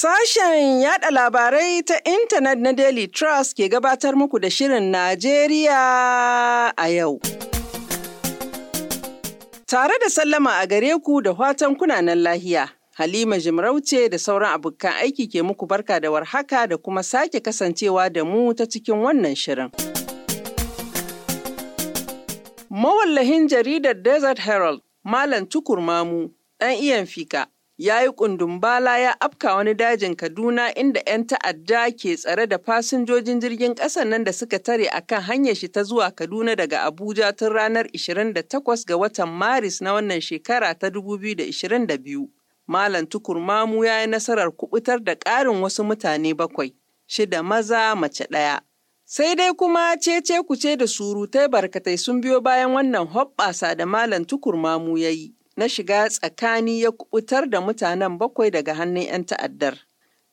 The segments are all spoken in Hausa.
Sashen yada labarai ta intanet na Daily Trust ke gabatar muku da Shirin Najeriya a yau. Tare da sallama a gare ku da watan kunanan lahiya, Halima Jimarauce da sauran abokan aiki ke muku barka da warhaka da kuma sake kasancewa da mu ta cikin wannan shirin. Mawallahin jaridar Desert Herald, Malam Tukur Mamu, ɗan iyan fika. ya yi kundumbala ya afka wani dajin Kaduna inda 'yan ta'adda ke tsare da fasinjojin jirgin ƙasar nan da suka tare a kan hanyar shi ta zuwa Kaduna daga Abuja tun ranar 28 ga watan Maris na wannan shekara ta 2022. Malam Tukur Mamu ya yi nasarar kubutar da ƙarin wasu mutane bakwai, shida maza mace ɗaya. Sai dai kuma cece kuce da surutai barkatai sun biyo bayan wannan hoɓɓasa da Malam Tukur Mamu ya yi. na shiga tsakani ya kubutar da mutanen bakwai daga hannun 'yan ta'addar.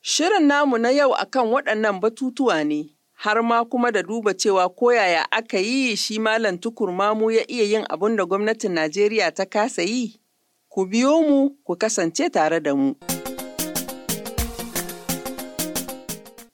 Shirin namu na yau a kan waɗannan batutuwa ne, har ma kuma da duba cewa koyaya aka yi shi malam tukur mamu ya iya yin abin da gwamnatin Najeriya ta kasa yi. Ku biyo mu, ku kasance tare da mu.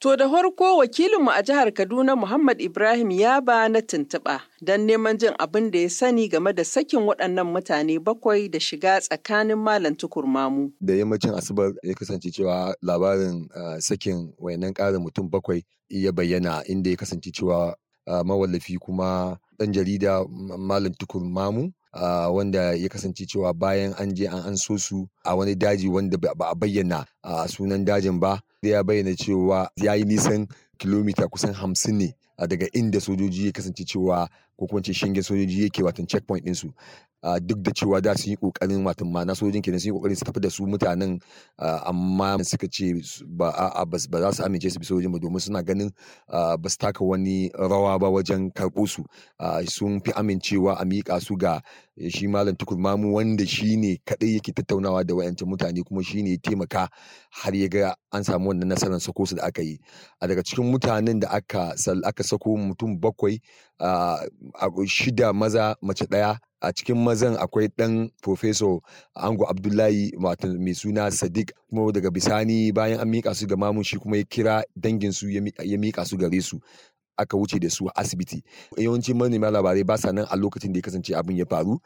To da farko wakilinmu a jihar Kaduna Muhammad Ibrahim ya ba na tuntuɓa don neman jin abin da ya sani game da sakin waɗannan mutane bakwai da shiga tsakanin Malam Tukurmamu. Da yammacin Asabar ya kasance cewa labarin ah, sakin wayannan ƙarin mutum bakwai ya bayyana inda ya kasance cewa ah, mawallafi kuma ɗan jarida Malam Tukurmamu Ah, wanda ya kasance cewa bayan an je an an so su a wani daji wanda ba a bayyana a ah, sunan dajin ba ya bayyana cewa ya yi nisan kilomita kusan hamsin ne a daga inda sojoji ya kasance cewa ko kuma ce shingen sojoji yake watan checkpoint ɗinsu duk da cewa da su yi ƙoƙarin watan ma na sojojin kenan sun yi ƙoƙarin su tafi da su mutanen amma suka ce ba ba za su amince su bi sojojin ba domin suna ganin ba su taka wani rawa ba wajen karɓo su sun fi amincewa a miƙa su ga eh, shi malam tukur mamu wanda shi ne kaɗai yake tattaunawa da wayancan mutane kuma shi ne taimaka har ya ga an samu wannan nasarar sako su da aka yi a daga cikin mutanen da aka aka sako mutum bakwai a shida maza mace daya a cikin mazan akwai ɗan profeso ango abdullahi mai suna sadiq kuma daga bisani bayan an miƙa su ga mamun shi kuma ya kira su ya miƙa su gare su aka wuce da su asibiti yawancin manema labarai ba sa nan a lokacin da ya kasance abin ya faru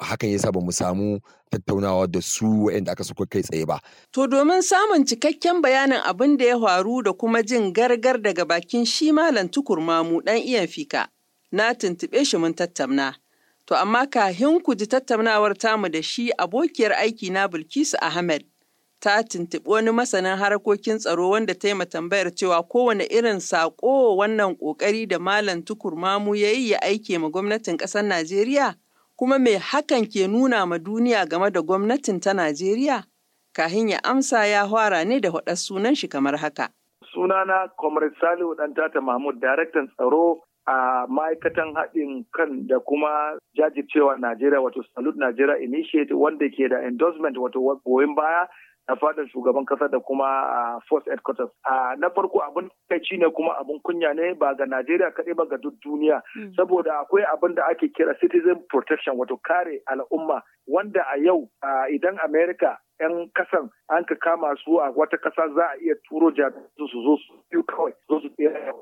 hakan ya ba mu samu tattaunawa da su waɗanda aka suka kai tsaye ba to domin samun cikakken bayanin abin da ya faru da kuma jin gargar daga bakin shi malam mu dan iyan fika na tuntuɓe shi mun tattauna to amma kahin ku ji tattaunawar tamu da shi abokiyar aiki na Bilkisu Ahmed ta tuntuɓi wani masanin harkokin tsaro wanda ta yi tambayar cewa kowane irin saƙo wannan ƙoƙari da Malam Tukur Mamu ya yi ya aike ma gwamnatin ƙasar Najeriya, kuma me hakan ke nuna ma duniya game da gwamnatin ta Najeriya? Kahin ya amsa ya fara ne da haɗa sunan shi kamar haka. Sunana Comrade Salihu Ɗantata Mahmud, Daraktan Tsaro a ma'aikatan haɗin kan da kuma jajircewa Najeriya wato Salute Najeriya Initiative wanda ke da endorsement wato goyon baya na fadar shugaban kasa da kuma a force headquarters a na farko abin kai ne kuma abin kunya ne ba ga najeriya kaɗai ba ga duk duniya hmm. saboda akwai abin da ake kira citizen protection wato kare al'umma wanda a yau idan america 'yan kasan an ka kama su a wata kasa za a iya turo jami'an su zo su kawai zo su tsira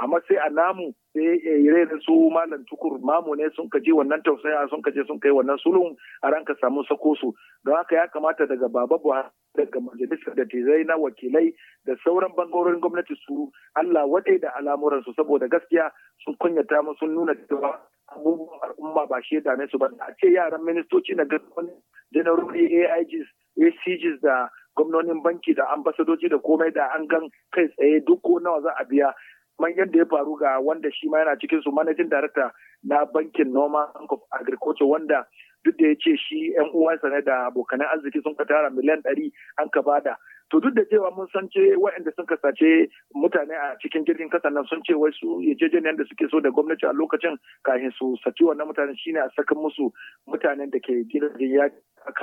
amma sai a namu sai eh, ire yi su malam tukur mamu ne sun kaji wannan tausaya sun kaje sun kai wannan sulhun a ranka samu sakosu su don haka ya kamata daga baba buhari daga majalisar da tezai na wakilai da sauran bangarorin gwamnati su allah wadai da al'amuransu saboda gaskiya sun kunyata mu sun nuna cewa abubuwan al'umma ba shi ya dame su ba a ce yaran ministoci na gaskiya janarori aigs acgs da gwamnonin banki da ambasadoci da komai da an gan kai tsaye duk ko nawa za a biya kamar yadda ya faru ga wanda shi ma yana cikin su managing director na bankin noma bank of agriculture wanda duk da ya ce shi yan uwansa ne da abokanan arziki sun ka tara miliyan ɗari an ka bada to duk da cewa mun san ce waɗanda sun kasace mutane a cikin jirgin kasa nan sun ce wai su yarjejeniyar da suke so da gwamnati a lokacin kafin su saci wannan mutanen shine a saka musu mutanen da ke gidajen ya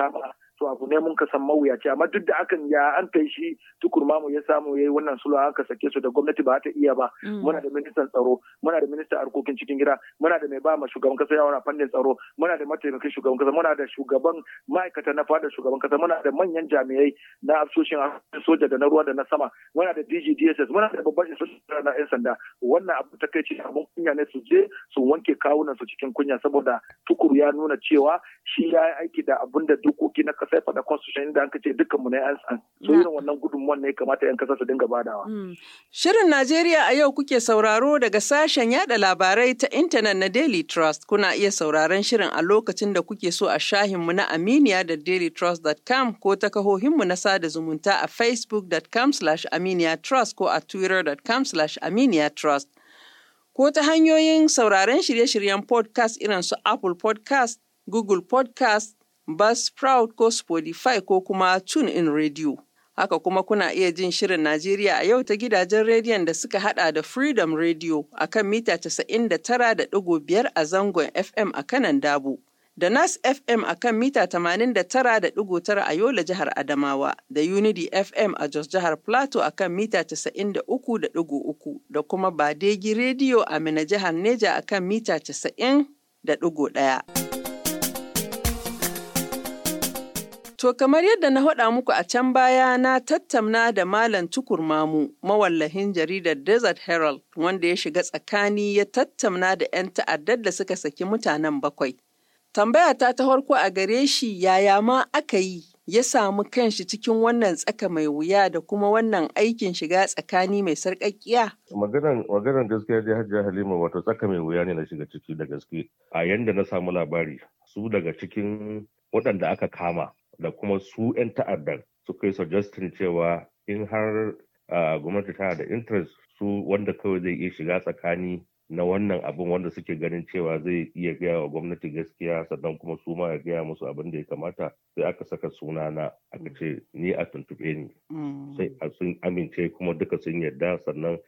kama to abu ne mun ka san mawuyaci amma duk da akan ya an kai shi tukurma mu ya samu yayi wannan sulhu aka sake su da gwamnati ba ta iya ba mm. muna da ministan tsaro muna da ministan harkokin cikin gida muna da mai ba ma shugaban kasa yawon fannin tsaro muna da mataimakin shugaban kasa muna da shugaban ma'aikata na fadar shugaban kasa muna da manyan jami'ai na afsoshin soja da na ruwa da na sama muna da DG DSS muna da babban inspector na yan sanda wannan abu ta kai abun kunya ne su je su wanke kawunan su cikin kunya saboda tukuru ya nuna cewa shi ya yi aiki da abun da dokoki na aka fada faɗa constitution da an ce dukkan mu ne an san so wannan gudunmuwan ne kamata yan kasa su dinga badawa. Mm. Shirin Najeriya a yau kuke sauraro daga sashen yada labarai ta intanet na Daily Trust kuna iya sauraron shirin a lokacin da kuke so a shahinmu na Aminiya da dailytrust.com ko ta kahohinmu na sada zumunta a facebookcom aminiyatrust ko a twittercom aminiyatrust ko ta hanyoyin sauraron shirye-shiryen podcast irin su Apple podcast, Google podcast, Buzzsprout ko Spotify ko kuma tune in Radio. Haka kuma kuna iya jin Shirin Najeriya a yau ta gidajen rediyon da suka hada da Freedom Radio a kan mita 99.5 a zangon FM a kanan Dabo. Da Nas FM a kan mita 89.9 a Yola jihar Adamawa, da Unity FM a Jos jihar Plateau a kan mita 93.3 da kuma Badegi Radio a Mina jihar Neja a kan mita 90.1. To kamar yadda na haɗa muku a can baya na tattamna da Malam Tukurmamu, mawallahin jaridar Desert Herald, wanda ya shiga tsakani ya tattamna da 'yan ta'addar da suka saki mutanen bakwai. Tambaya ta ta farko a gare shi yaya ma aka yi ya samu kanshi cikin wannan tsaka mai wuya da kuma wannan aikin shiga tsakani mai sarƙaƙiya? Maganar gaskiya dai Hajiya Halima wato tsaka mai wuya ne na shiga ciki da gaske. A yanda na samu labari su daga cikin waɗanda aka kama da kuma su 'yan ta'addar suka yi suggestion cewa in har gwamnati tana da interest su wanda kawai zai iya shiga tsakani na wannan abin wanda suke ganin cewa zai iya gaya wa gwamnati gaskiya sannan kuma su ma ya gaya musu abin da ya kamata sai aka saka sunana aka ce ni a tuntube ni mm. sai sun amince kuma duka sun yarda sannan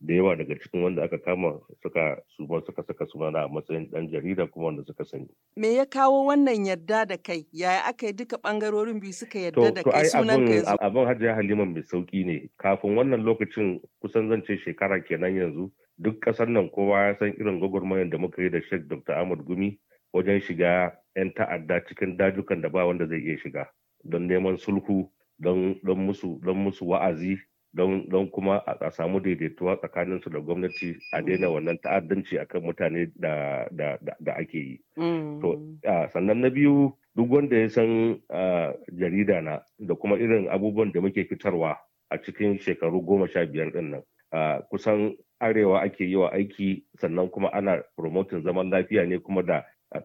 da yawa daga cikin wanda aka kama suka suma suka saka sunana a matsayin dan jarida kuma wanda suka sani. Me ya kawo wannan yarda da kai? Yaya aka yi duka bangarorin biyu suka yarda da kai sunan ka Abin Hajiya Halima mai sauki ne. Kafin wannan lokacin kusan zan ce shekara kenan yanzu duk kasar nan kowa ya san irin gwagwarmayar da muka yi da Sheikh Dr. Ahmad Gumi wajen shiga 'yan ta'adda cikin dajukan da ba wanda zai iya shiga don neman sulhu don musu wa'azi don kuma a samu daidaituwa tsakaninsu da gwamnati a daina wannan ta'addanci akan mutane da ake yi. Mm. To sannan na biyu duk wanda ya san jarida na da kuma irin abubuwan da muke fitarwa a cikin shekaru goma sha biyar din nan. Kusan arewa ake yi wa aiki sannan kuma ana promotin zaman lafiya ne kuma da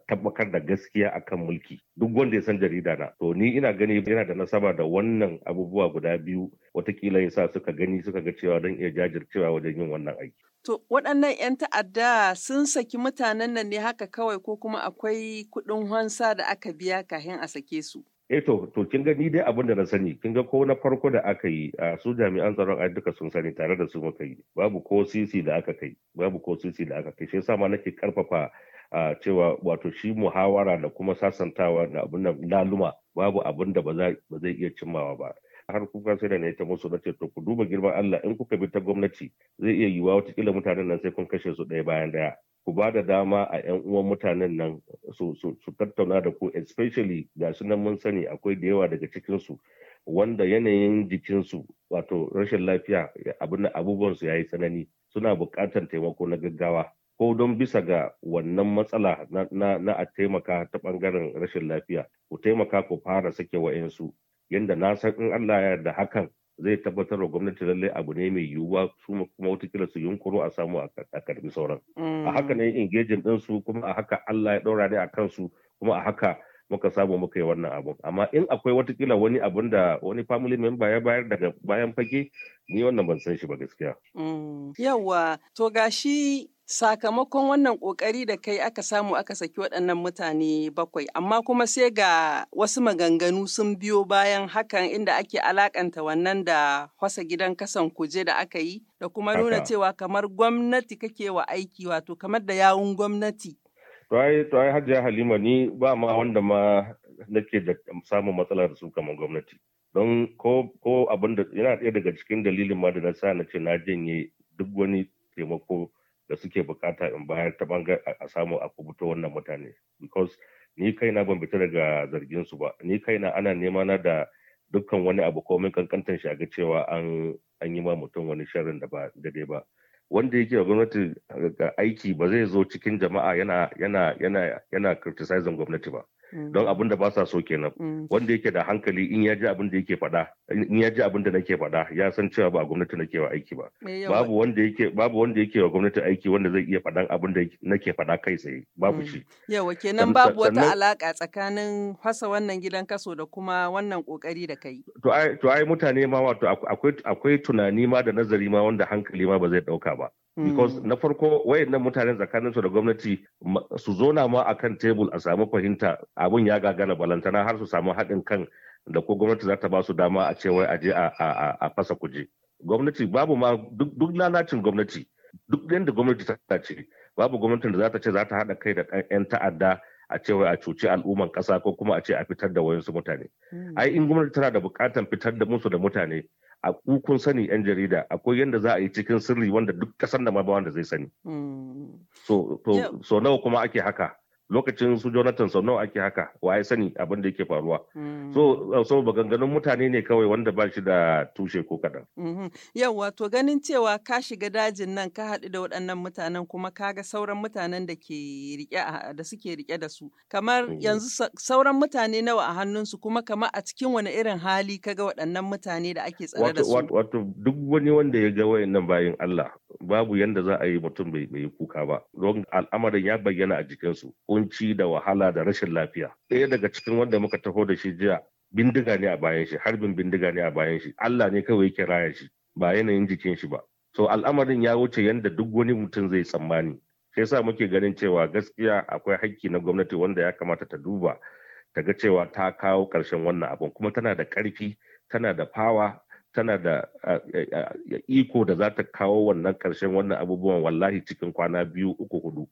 tabbatar da gaskiya a kan mulki duk wanda ya san jarida na to ni ina gani yana da nasaba da wannan abubuwa guda biyu watakila ya sa suka gani suka ga cewa don iya jajircewa wajen yin wannan aiki To waɗannan 'yan ta'adda sun saki mutanen nan ne haka kawai ko kuma akwai kuɗin hansa da aka biya kafin a sake su? e to to kin ga ni dai abin da na sani kin ga ko na farko da aka yi a su jami'an tsaron ai duka sun sani tare da su muka yi babu ko sisi da aka kai babu ko sisi da aka kai shi yasa ma nake karfafa cewa wato shi muhawara da kuma sasantawa da abin nan laluma babu abin da ba zai iya cimmawa ba har kuka sai da ne ta musu na ce to ku duba girman Allah in kuka bi ta gwamnati zai iya yiwa kila mutanen nan sai kun kashe su ɗaya bayan ɗaya ku ba da dama a 'yan uwan mutanen nan su tattauna da ku especially ga su nan mun sani akwai da yawa daga cikinsu wanda yanayin jikinsu wato rashin lafiya abin abubuwansu ya yi tsanani suna buƙatar taimako na gaggawa ko don bisa ga wannan matsala na, a taimaka ta ɓangaren rashin lafiya ku taimaka ku fara sake wa'yansu yadda na san in Allah ya yarda hakan zai tabbatar da gwamnati lallai abu ne mai yiwuwa su kuma watakila su yunkuru a samu a karbi sauran a mm. haka ne engaging din su kuma a haka Allah ya ɗora ne a kansu kuma a haka muka samu muka yi wannan abun amma in akwai watakila wani abun da wani family member ya bayar daga bayan fage ni wannan ban san shi ba gaskiya mm. yawa to gashi sakamakon wannan kokari da kai aka samu aka saki waɗannan mutane bakwai amma kuma sai ga wasu maganganu sun biyo bayan hakan inda ake alakanta wannan da kwasa gidan kasan kuje da aka yi da kuma nuna cewa kamar gwamnati kake wa aiki wato kamar da yawun gwamnati Tuwaye tuwaye hajiya halima ni ba ma wanda ma nake da samun matsala da su kamar gwamnati don ko abin da yana ɗaya daga cikin dalilin ma da na sa na ce na janye duk wani taimako da suke bukata in bayar ta bangar a samu a kubuto wannan mutane because ni kaina ban fita daga zargin su ba ni kaina ana nema na da dukkan wani abu ko min kankantar shi ga cewa an an yi ma mutum wani sharrin da ba daidai ba wanda yake wa gwamnati ga aiki ba zai zo cikin jama'a yana yana yana yana criticizing gwamnati ba Mm. don abin da ba sa so kenan mm. wanda yake da hankali in ya ji abin da yake faɗa in ya ji abin da nake faɗa ya san cewa ba gwamnati nake wa aiki ba babu wanda yake babu wanda yake wa gwamnati aiki wanda zai iya faɗan abin da nake faɗa kai tsaye babu mm. shi yawa kenan babu wata alaka tsakanin hasa wannan gidan kaso da kuma wannan kokari da kai to ai to ai mutane ma wato akwai akwai tunani ma da nazari ma wanda hankali ma ba zai dauka ba Because mm. na farko wayannan mutanen tsakanin su da gwamnati su zona ma a kan tebul a samu fahimta abun ya gagara balantana har su samu haɗin kan da ko gwamnati za ta ba su dama a cewar aje a fasa kuje. Gwamnati babu ma duk lalacin gwamnati duk yadda gwamnati ta ce babu gwamnati da za ta ce za ta haɗa kai da 'yan ta'adda a cewa a cuci al'umman ƙasa ko kuma a ce a fitar da wayansu mutane. Mm. Ai in gwamnati tana da buƙatar fitar da musu da mutane a kukun sani yan jarida akwai yadda za a yi cikin sirri wanda duk kasan da ma ba wanda zai sani hmm. so nawa kuma ake haka lokacin su jonathan sau nawa ake haka wa ya sani abin da yake faruwa mm. so uh, so maganganun mutane ne kawai wanda ba shi da tushe ko kaɗan. Mm-hmm. yau wato ganin cewa ka shiga dajin nan ka haɗu da waɗannan mutanen kuma ka ga sauran mutanen da ke rike da suke rike da su kamar mm-hmm. yanzu sauran mutane nawa a hannunsu kuma kamar a cikin wani irin hali kaga ga waɗannan mutane da ake tsare da su wato duk wani wanda ya ga wayannan bayin Allah babu yadda za a yi mutum bai yi kuka ba don al'amarin ya bayyana a jikinsu kunci da wahala da rashin lafiya ɗaya daga cikin wanda muka taho da shi jiya bindiga ne a bayan shi harbin bindiga ne a bayan shi Allah ne kawai yake raya shi ba yanayin jikin shi ba so al'amarin ya wuce yadda duk wani mutum zai tsammani sai sa muke ganin cewa gaskiya akwai hakki na gwamnati wanda ya kamata ta duba ta ga cewa ta kawo ƙarshen wannan abun kuma tana da ƙarfi tana da fawa tana da iko da za ta kawo wannan karshen wannan abubuwan wallahi cikin kwana biyu uku hudu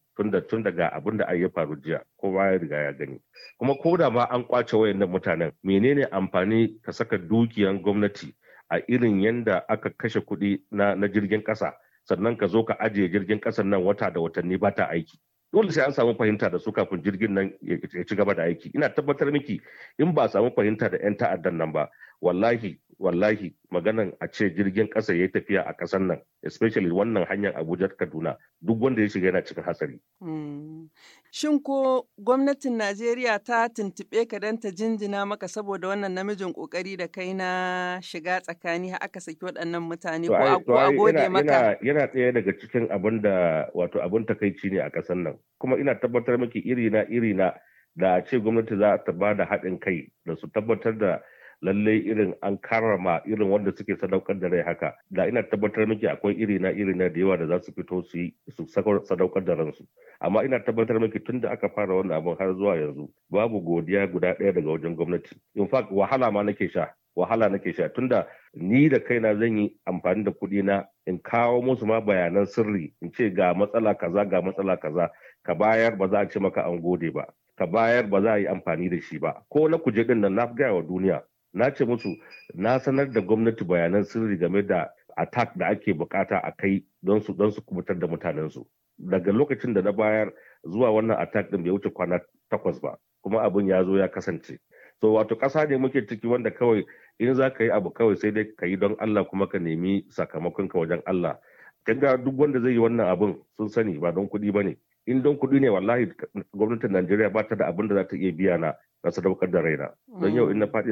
tun daga abin da ya faru jiya ko ya riga ya gani kuma ko da ma an kwace wayannan mutanen menene amfani ka saka dukiyan gwamnati a irin yanda aka kashe kuɗi na, jirgin ƙasa sannan ka zo ka ajiye jirgin ƙasan nan wata da watanni ba ta aiki dole sai an samu fahimta da su kafin jirgin nan ya ci gaba da aiki ina tabbatar miki in ba samu fahimta da 'yan ta'addan nan ba wallahi wallahi maganan a ce jirgin ƙasa ya yi tafiya a ƙasar nan especially wannan hanyar abuja kaduna duk wanda ya shiga yana cikin hatsari. Hmm. shin ko gwamnatin najeriya ta tuntuɓe ka don ta jinjina maka saboda wannan namijin kokari da kai na shiga tsakani har aka saki waɗannan mutane ko a maka yana ɗaya daga cikin abin da wato abin takaici ne a ƙasar nan kuma ina tabbatar miki iri na iri na da ce gwamnati za ta ba da haɗin kai da su tabbatar da lallai irin an karrama irin wanda suke sadaukar da rai haka da ina tabbatar miki akwai iri na iri na da yawa da za su fito su yi su sadaukar da ransu amma ina tabbatar miki tunda aka fara wannan abin har zuwa yanzu babu godiya guda ɗaya daga wajen gwamnati in fact wahala ma nake sha wahala nake sha tunda ni da kaina zan yi amfani da kuɗi na in kawo musu ma bayanan sirri in ce ga matsala kaza ga matsala kaza ka bayar ba za a ce maka an gode ba ka bayar ba za a yi amfani da shi ba ko na kuje din nan na gaya wa duniya na ce musu na sanar da gwamnati bayanan sirri game da attack da ake bukata a kai don su don su kubutar da mutanensu daga lokacin da na bayar zuwa wannan attack din bai wuce kwana takwas ba kuma abin ya zo ya kasance so wato kasa ne muke ciki wanda kawai in za ka yi abu kawai sai dai ka yi don Allah kuma ka nemi sakamakon ka wajen Allah kanga duk wanda zai yi wannan abin sun sani ba don kuɗi ba ne in don kuɗi ne wallahi gwamnatin Najeriya ba ta da abin da za ta iya biya na na sadaukar da raina don yau in na faɗi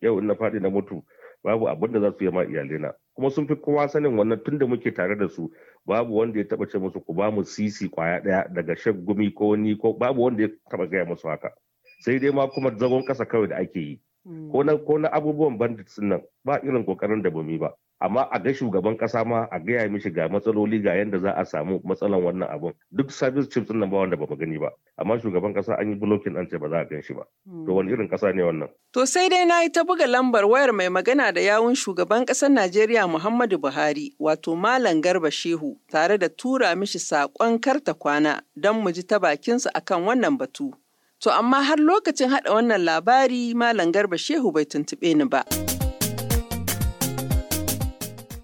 yau ina na na mutu babu abin da za su yi ma na kuma sun fi kowa sanin wannan tun da muke tare da su babu wanda ya taba ce musu ku ba mu sisi kwaya daya daga shan gumi ko ni ko babu wanda ya taba gaya musu haka sai dai ma kuma zagon kasa kawai da ake yi hmm. ko na abubuwan bandits nan ba irin kokarin da bumi ba amma a ga shugaban kasa ma a gaya mishi ga matsaloli ga yadda za a samu matsalan wannan abun duk service chips nan ba wanda ba mu gani ba amma shugaban kasa an yi blocking an ce ba za a gan ba hmm. to wani irin kasa ne wannan to sai dai na yi ta buga lambar wayar mai magana da yawun shugaban kasar Najeriya Muhammadu Buhari wato Malam Garba Shehu tare da tura mishi sakon karta kwana don mu ji ta bakinsa akan wannan batu to amma har lokacin hada wannan labari Malam Garba Shehu bai tuntube ni ba.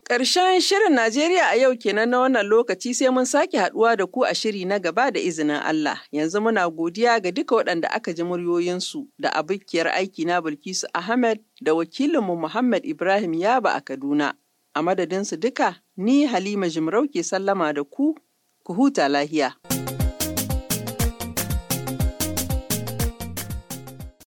Ƙarshen shirin Najeriya a yau kenan na wannan lokaci sai mun sake haɗuwa da ku a shiri na gaba da izinin Allah. Yanzu muna godiya ga duka waɗanda aka ji muryoyinsu da abokiyar aiki na Bilkisu Ahmed da wakilinmu Muhammad Ibrahim Yaba a Kaduna. A madadinsu duka, ni Halima Jimarau ke sallama da ku, ku huta lahiya.